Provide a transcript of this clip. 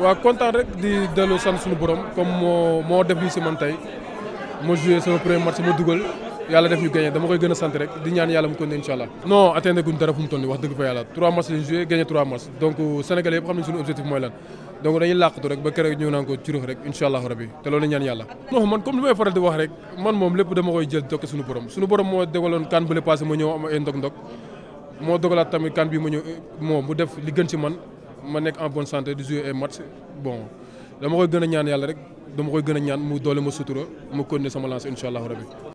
waaw kontaan rek di delloo sant suñu borom comme moo moo def lii si man tey ma joué sama premier match ma dugal Yalla def ñu gagner dama koy gëna sante rek di ñaan Yalla mu ko ne incha non atteindre guñu dara fu mu tonni wax dëgg fa Yalla 3 matchs lañ joué gagner 3 matchs donc euh, Sénégalais yëpp xam nañ suñu objectif moy lan donc dañuy làqatu rek ba keroog ñu naan ko curux rek inshallah rabbi té te loolu ñaan Yalla non man comme li may faral di wax rek man mom lepp dama koy jël jokk suñu borom suñu borom mo dogaloon kan bu bële passé mo ñëw am ay ndok ndog moo dogalaat tamit kan bi mo ñëw moo mu def li gën ci man je suis en bonne santé di yeux sont match bon dama koy gën a ñaan je rek dama koy ma